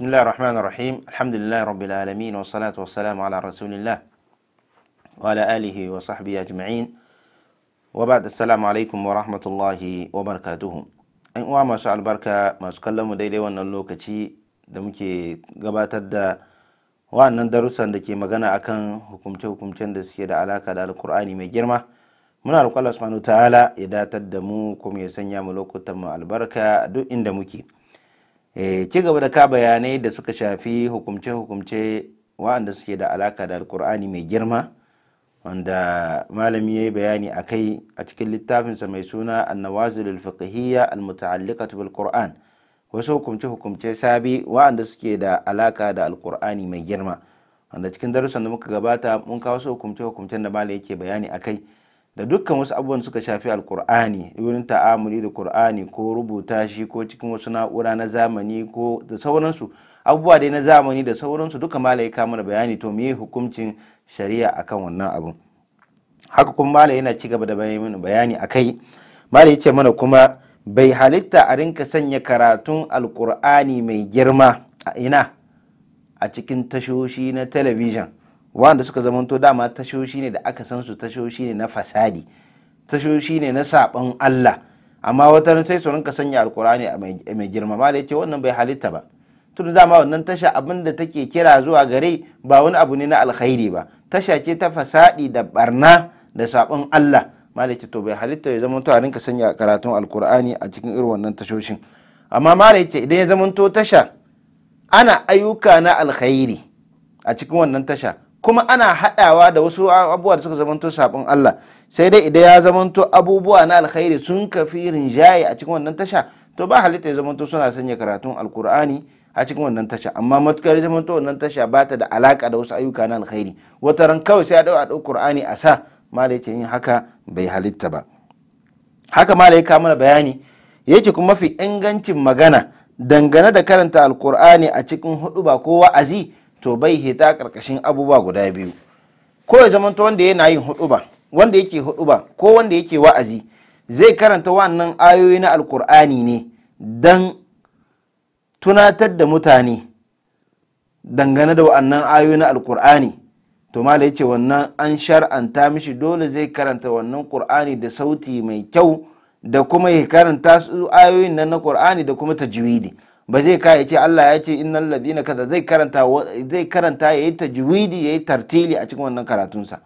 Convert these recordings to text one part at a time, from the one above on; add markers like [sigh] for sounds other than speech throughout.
بسم الله الرحمن الرحيم الحمد لله رب العالمين والصلاة والسلام على رسول الله وعلى آله وصحبه أجمعين وبعد السلام عليكم ورحمة الله وبركاته أن وما شاء البركة ما سكلا مديلي وأن اللوكتي دمكي قبات الدا وأن ندرس عندك مغانا أكن حكمتي حكمتين دسكي دا علاقة دا القرآن مجرمة من الله سبحانه وتعالى إذا ya كم يسنيا mu تم البركة دو إن lokutan Eh, ci gaba da ka bayanai da suka shafi hukumce-hukumce waɗanda suke da alaka da alkur'ani mai girma wanda malami ya yi bayani a kai a cikin littafinsa mai suna annawazil al-fiqhiyya al-muta'alliqatu bil qur'an wasu hukumce-hukumce sabi waɗanda suke da alaka da alkur'ani mai girma wanda cikin darussan da muka gabata mun kawo wasu hukumce-hukumcen da Malami yake bayani a kai da dukkan wasu abubuwan suka shafi alkur'ani wurin ta'amuli da kur'ani ko rubuta shi ko cikin wasu na'ura na zamani ko da sauransu abubuwa dai na zamani da sauransu duka mala ya kama da bayani to me hukuncin shari'a akan wannan abun haka kuma mala yana ci gaba da bayani a akai mala ce mana kuma bai halitta a rinka sanya karatun alkur'ani mai girma a ina a cikin tashoshi na talabijin wanda suka zamanto dama tashoshi ne da aka san su tashoshi ne na fasadi tashoshi ne na saɓon Allah amma wata sai su rinka sanya alkurani a mai girma ma da ce wannan bai halitta ba tun dama wannan tasha abin da take kira zuwa gare ba wani abu ne na alkhairi ba tasha ce ta fasadi da barna da saɓon Allah ma ce to bai halitta ya to a rinka sanya karatun alkurani a cikin irin wannan tashoshin amma ma ce idan ya zamanto tasha ana ayyuka na alkhairi a cikin wannan tasha kuma ana haɗawa da wasu abubuwa da suka zamanto sabon Allah sai dai idan ya zamanto abubuwa na alkhairi sun kafi rinjaye a cikin wannan tasha to ba halitta ya zamanto suna sanya karatun alkur'ani a cikin wannan tasha amma matukar ya zamanto wannan tasha ba ta da alaka da wasu ayyuka na alkhairi wata ran kawai sai a dau a dau qur'ani a sa ma da yin haka bai halitta ba haka ma da ya mana bayani yake kuma mafi ingancin magana dangane da karanta alkur'ani a cikin hudu ba ko wa'azi to bai hita karkashin abubuwa guda biyu ko ya zama to wanda yana yin huduba wanda yake huduba ko wanda yake wa'azi zai karanta wannan ayoyi na alkur'ani ne don tunatar da mutane dangane da wa'annan ayoyi na alkur'ani to da ya ce wannan an shar'anta mishi dole zai karanta wannan kur'ani da sauti mai kyau da kuma ya karanta su ayoyin nan na kur'ani da kuma tajwidi ba zai ka ya ce Allah ya ce innal ladina kaza zai karanta zai karanta yayi tajwidi yayi tartili a cikin wannan karatunsa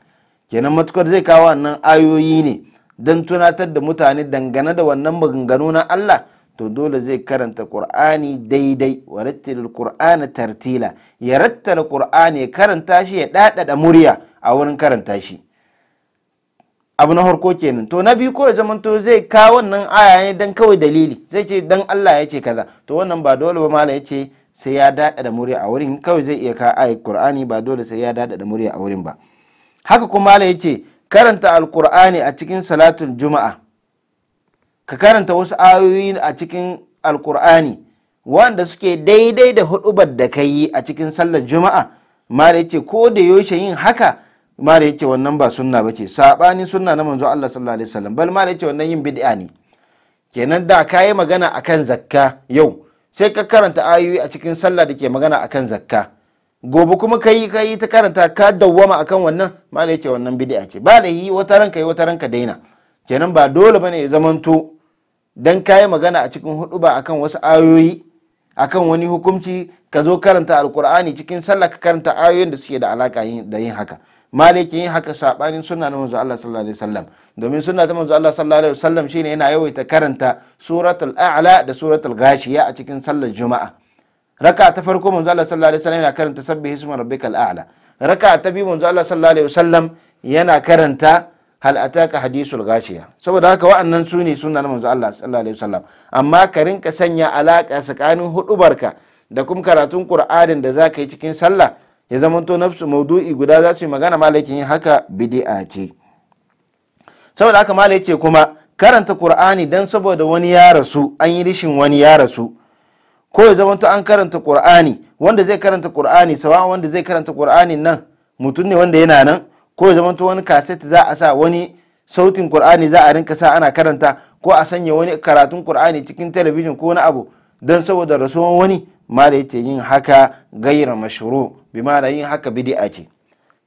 kenan matukar zai kawo wannan ayoyi ne don tunatar da mutane dangane da wannan maganganu na Allah to dole zai karanta Qur'ani daidai wa rattilil Qur'ana tartila ya rattala Qur'ani ya karanta shi ya dadada murya a wurin karanta shi abu na harko kenan to na biyu ko ya zamanto zai kawo wannan aya ne dan kawai dalili zai ce dan Allah ya ce kaza to wannan ba dole ba malam ya ce sai ya dada da murya a wurin kawai zai iya ka ayat Qur'ani ba dole sai ya dada da murya a wurin ba haka kuma malam ya ce karanta alkur'ani a cikin salatul juma'a ka karanta wasu ayoyi a cikin alkur'ani wanda suke daidai da hudubar da ka a cikin sallar juma'a malam ya ce ko da yaushe yin haka mara yake wannan ba sunna ba ce saɓanin sunna na manzo Allah sallallahu alaihi wasallam bal mara yake wannan yin bid'a ne kenan da ka yi magana akan zakka yau sai ka karanta ayoyi a cikin sallah da ke magana akan zakka gobe kuma ka yi ta karanta ka dawwama akan wannan mara yake wannan bid'a ce ba da yi wata ranka yi wata ranka daina kenan ba dole bane ya zamanto dan ka yi magana a cikin hudu ba akan wasu ayoyi akan wani hukunci ka zo karanta alkur'ani cikin sallah ka karanta ayoyin da suke da alaka da yin haka maliki haka sabanin sunna na manzo Allah sallallahu alaihi wasallam domin sunna ta manzo Allah sallallahu alaihi wasallam shine yana yawaita karanta suratul a'la da suratul gashiya a cikin sallar juma'a raka ta farko manzo Allah sallallahu alaihi wasallam yana karanta sabbihi isma rabbikal a'la raka ta biyu manzo Allah sallallahu alaihi wasallam yana karanta hal ataka hadisul gashiya saboda haka wa'annan su ne sunna na manzo Allah sallallahu alaihi wasallam amma ka rinka sanya alaka tsakanin hudubarka da kuma karatun qur'anin da zaka yi cikin sallah ya zamanto nafsu maudu'i guda za su yi magana malakin yin haka bidi'a ce saboda haka malai ce kuma karanta qur'ani dan saboda wani ya rasu an yi rishin wani ya rasu ko ya zamanto an karanta qur'ani wanda zai karanta qur'ani sawa wanda zai karanta qur'anin nan mutum ne wanda yana nan ko ya zamanto wani kaset za a sa wani sautin qur'ani za a rinka sa ana karanta ko a sanya wani karatun qur'ani cikin talabijin ko wani abu don saboda rasuwan wani ma yace yin haka gaira mashuru bi yin haka bid'a ce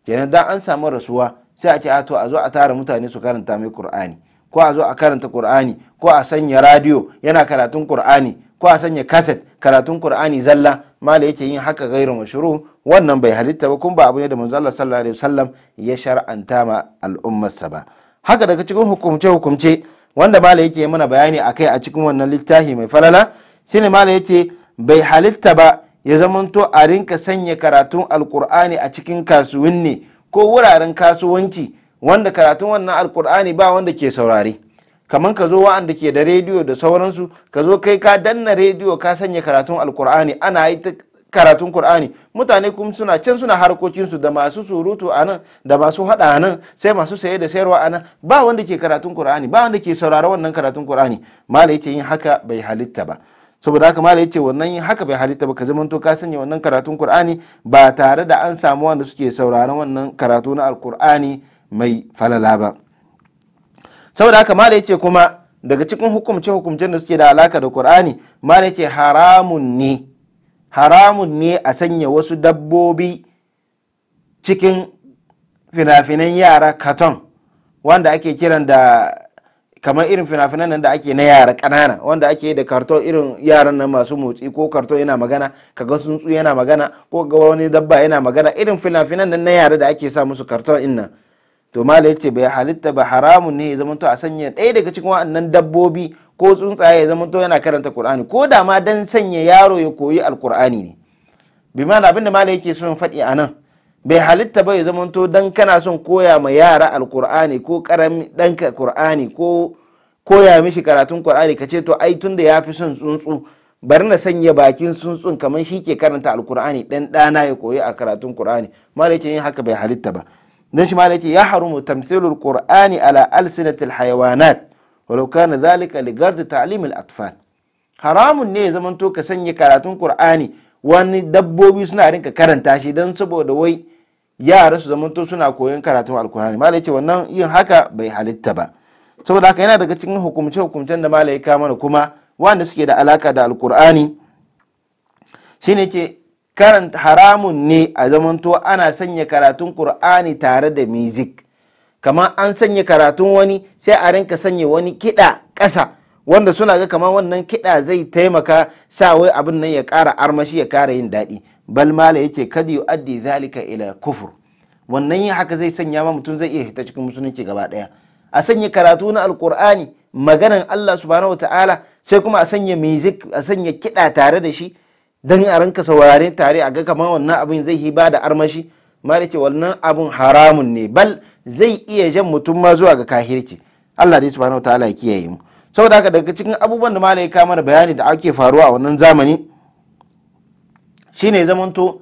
kenan dan an samu rasuwa sai a ce a to a zo a tara mutane su karanta mai qur'ani ko a zo a karanta qur'ani ko a sanya radio yana karatun qur'ani ko a sanya kaset karatun qur'ani zalla mala yace yin haka gaira mashuru wannan bai halitta ba kun ba abu ne da manzo Allah sallallahu alaihi wasallam ya shar'anta ma al'ummarsa ba haka daga cikin hukumce hukumce wanda mala yake mana bayani akai a cikin wannan littafi mai falala shine mala yace bai halitta ba ya zamanto a rinka sanya karatun alkur'ani a cikin kasuwanni ko wuraren kasuwanci wanda karatun wannan alkur'ani ba wanda ke saurare kamar ka zo wa'anda ke da rediyo da sauransu ka zo kai ka danna rediyo ka sanya karatun alkur'ani ana yi karatun kur'ani mutane kuma suna can suna harkokinsu da masu surutu a nan da masu haɗa nan sai masu saye da sayarwa a nan ba wanda ke karatun kur'ani ba wanda ke saurara wannan karatun kur'ani mala yace yin haka bai halitta ba saboda haka malai yace wannan haka bai halitta ba ka zamanto ka sanya wannan karatun Qur'ani ba tare da an samu wanda suke sauraron wannan karatu na Alkur'ani mai falala ba saboda haka malai yace kuma daga cikin hukumce hukumcen da suke da alaka da Qur'ani malai yace haramun ne haramun ne a sanya wasu dabbobi cikin finafinan yara katon wanda ake kiran da kamar irin fina-finan da ake na yara ƙanana wanda ake da karton irin yaran nan masu motsi ko karton yana magana ka ga tsuntsu yana magana ko ga wani dabba yana magana irin fina-finan na yara da ake sa musu karton inna to mala yace bai halitta ba haramun ne ya zamanto a sanya ɗaya daga cikin waɗannan dabbobi ko tsuntsaye ya zamanto yana karanta Qur'ani ko da ma dan sanya yaro ya koyi alkur'ani ne bi ma'ana abinda mala yake son faɗi a nan bai halitta ba ya zamanto dan kana son koya ma yara alkur'ani ko karami danka qur'ani ko koya mishi karatun qur'ani ka ce to ai tunda ya fi son tsuntsu bari na sanya bakin tsuntsun kamar shi ke karanta alkur'ani dan dana ya koyi a karatun qur'ani malakin yin eh, haka bai halitta ba dan shi malaki ya harumu tamthilul qur'ani ala alsinatil hayawanat walau kana zalika li da ta'lim atfal haramun ne ya zamanto ka sanya karatun qur'ani wani dabbobi suna rinka karanta shi don saboda wai yara su zamanto suna koyon karatun alkur'ani malai ce wannan yin haka bai halitta ba saboda haka yana daga cikin hukumce hukumcen da malai ka mana kuma wanda suke da alaka da alkur'ani shine ce karanta haramun ne a zamanto ana sanya karatun Kur'ani tare da music kamar an sanya karatun wani sai a rinka sanya wani kiɗa ƙasa wanda suna ga kamar wannan kiɗa zai taimaka sa wai abin nan ya ƙara armashi ya ƙara yin daɗi bal mala yace kada yu'addi zalika ila kufur wannan yin haka zai sanya ma mutum zai iya hita cikin musulunci gaba daya a sanya karatu na alkur'ani maganan Allah subhanahu wataala sai kuma a sanya music a sanya kiɗa tare da shi don a ranka saurare tare a ga kamar wannan abin zai yi ba da armashi ma da ce wannan abin haramun ne bal zai iya jan mutum ma zuwa ga kahirci Allah dai subhanahu wataala ya kiyaye mu saboda haka daga cikin abubuwan da malai ya kama da bayani da ake faruwa a wannan zamani shine zamanto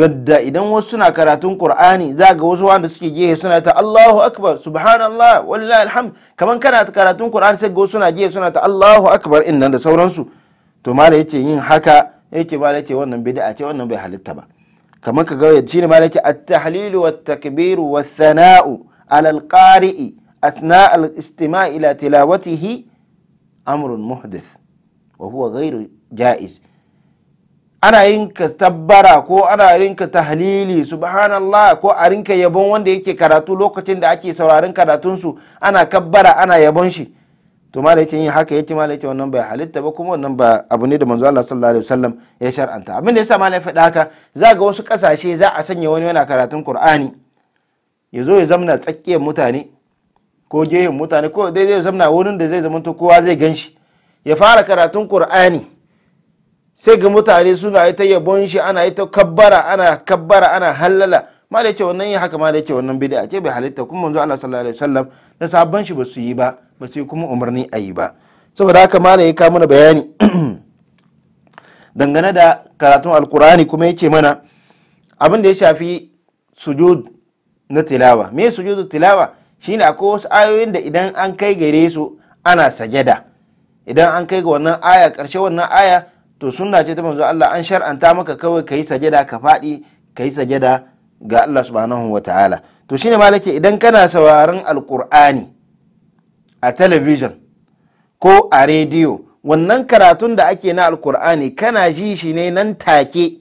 yadda idan wasu suna karatun qur'ani za ga wasu wanda suke gehe suna ta Allahu akbar subhanallah wallahi alhamd kaman kana karatun qur'ani sai ga suna gehe suna ta Allahu akbar innan da sauransu to mala yace yin haka yake mala yace wannan bid'a ce wannan bai halitta ba kaman ka ga shine mala yace at-tahlilu wat-takbiru wa sanau ala al-qari'i al الاستماع tilawatihi تلاوته muhdis محدث وهو غير جائز ana yin ka tabbara ko ana yin ka tahlili subhanallah ko a rinka yabon wanda yake karatu lokacin da ake sauraron karatunsu ana kabbara ana yabon shi to malai yin haka yace malai yace wannan bai halitta ba kuma wannan ba abu ne da manzo Allah sallallahu alaihi wasallam ya shar'anta abin da yasa malai faɗa haka za ga wasu kasashe za a sanya wani yana karatun Qur'ani ya zo ya zamna tsakiyar mutane ko gehen mutane ko dai zai zamna wurin da zai zamanto kowa zai gan shi ya fara karatun Qur'ani sai ga mutane suna yi ta yabon shi ana yi ta kabbara ana kabbara ana halala ma da yake wannan yi haka ma da yake wannan bid'a ce bai halitta kuma manzo Allah sallallahu alaihi wasallam na sabon shi ba su yi ba ba su yi kuma umarni a yi ba saboda haka ma da ya kawo mana bayani [clears throat] dangane da karatun alkurani kuma yake mana abin da ya shafi sujud na tilawa me sujudu tilawa shine akwai wasu ayoyin da idan an kai gare su ana sajada idan an kai ga wannan aya karshe wannan aya to sunna ce ta manzo Allah an shar'anta maka kawai yi sajada ka faɗi yi sajada ga Allah subhanahu wa ta'ala to shine ma nake idan kana sauraron alqur'ani a television ko a rediyo wannan karatun da ake na alqur'ani kana ji shi ne nan take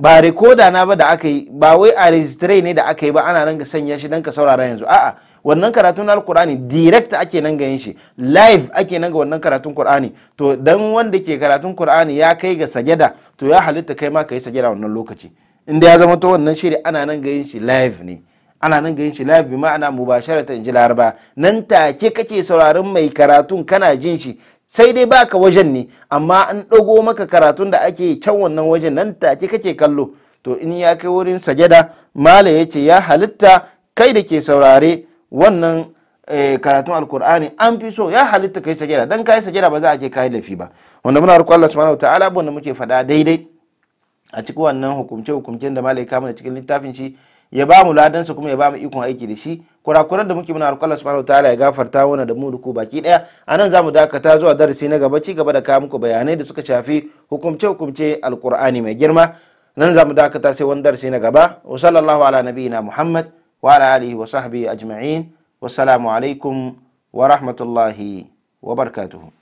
ba rekoda na ba da aka yi ba wai a registry ne da aka yi ba ana nan sanya shi dan ka saurara yanzu a'a wannan karatun na alkur'ani direct ake nan ganin shi live ake nan ga wannan karatun qur'ani to dan wanda ke karatun qur'ani ya kai ga sajada to ya halitta kai ma kai sajada wannan lokaci inda ya zama to wannan shiri ana nan ganin shi live ne ana nan ganin shi live bi ma'ana ta ji laraba nan take kake sauraron mai karatun kana jin shi sai dai baka wajen ne amma an ɗauko maka karatun da ake can wannan wajen nan take kake kallo to in ya kai wurin sajada malam yace ya halitta kai da ke saurare wannan eh, karatun alkur'ani an fi so ya halitta kai sajada dan kai sajada ba za a ce kai lafi ba wanda muna harkar Allah subhanahu wataala abin da muke faɗa daidai a cikin wannan hukumce hukumcen da malaika mana cikin littafin shi ya ba mu ladan su kuma ya ba mu ikon aiki da shi kurakuran da muke muna harkar Allah subhanahu wataala ya gafarta mana da mu duku baki daya anan zamu dakata zuwa darasi na gaba ci gaba da kawo muku bayanai da suka shafi hukumce hukumce alkur'ani mai girma nan zamu dakata sai wani darasi na gaba wa sallallahu ala nabiyina muhammad وعلى آله وصحبه أجمعين والسلام عليكم ورحمة الله وبركاته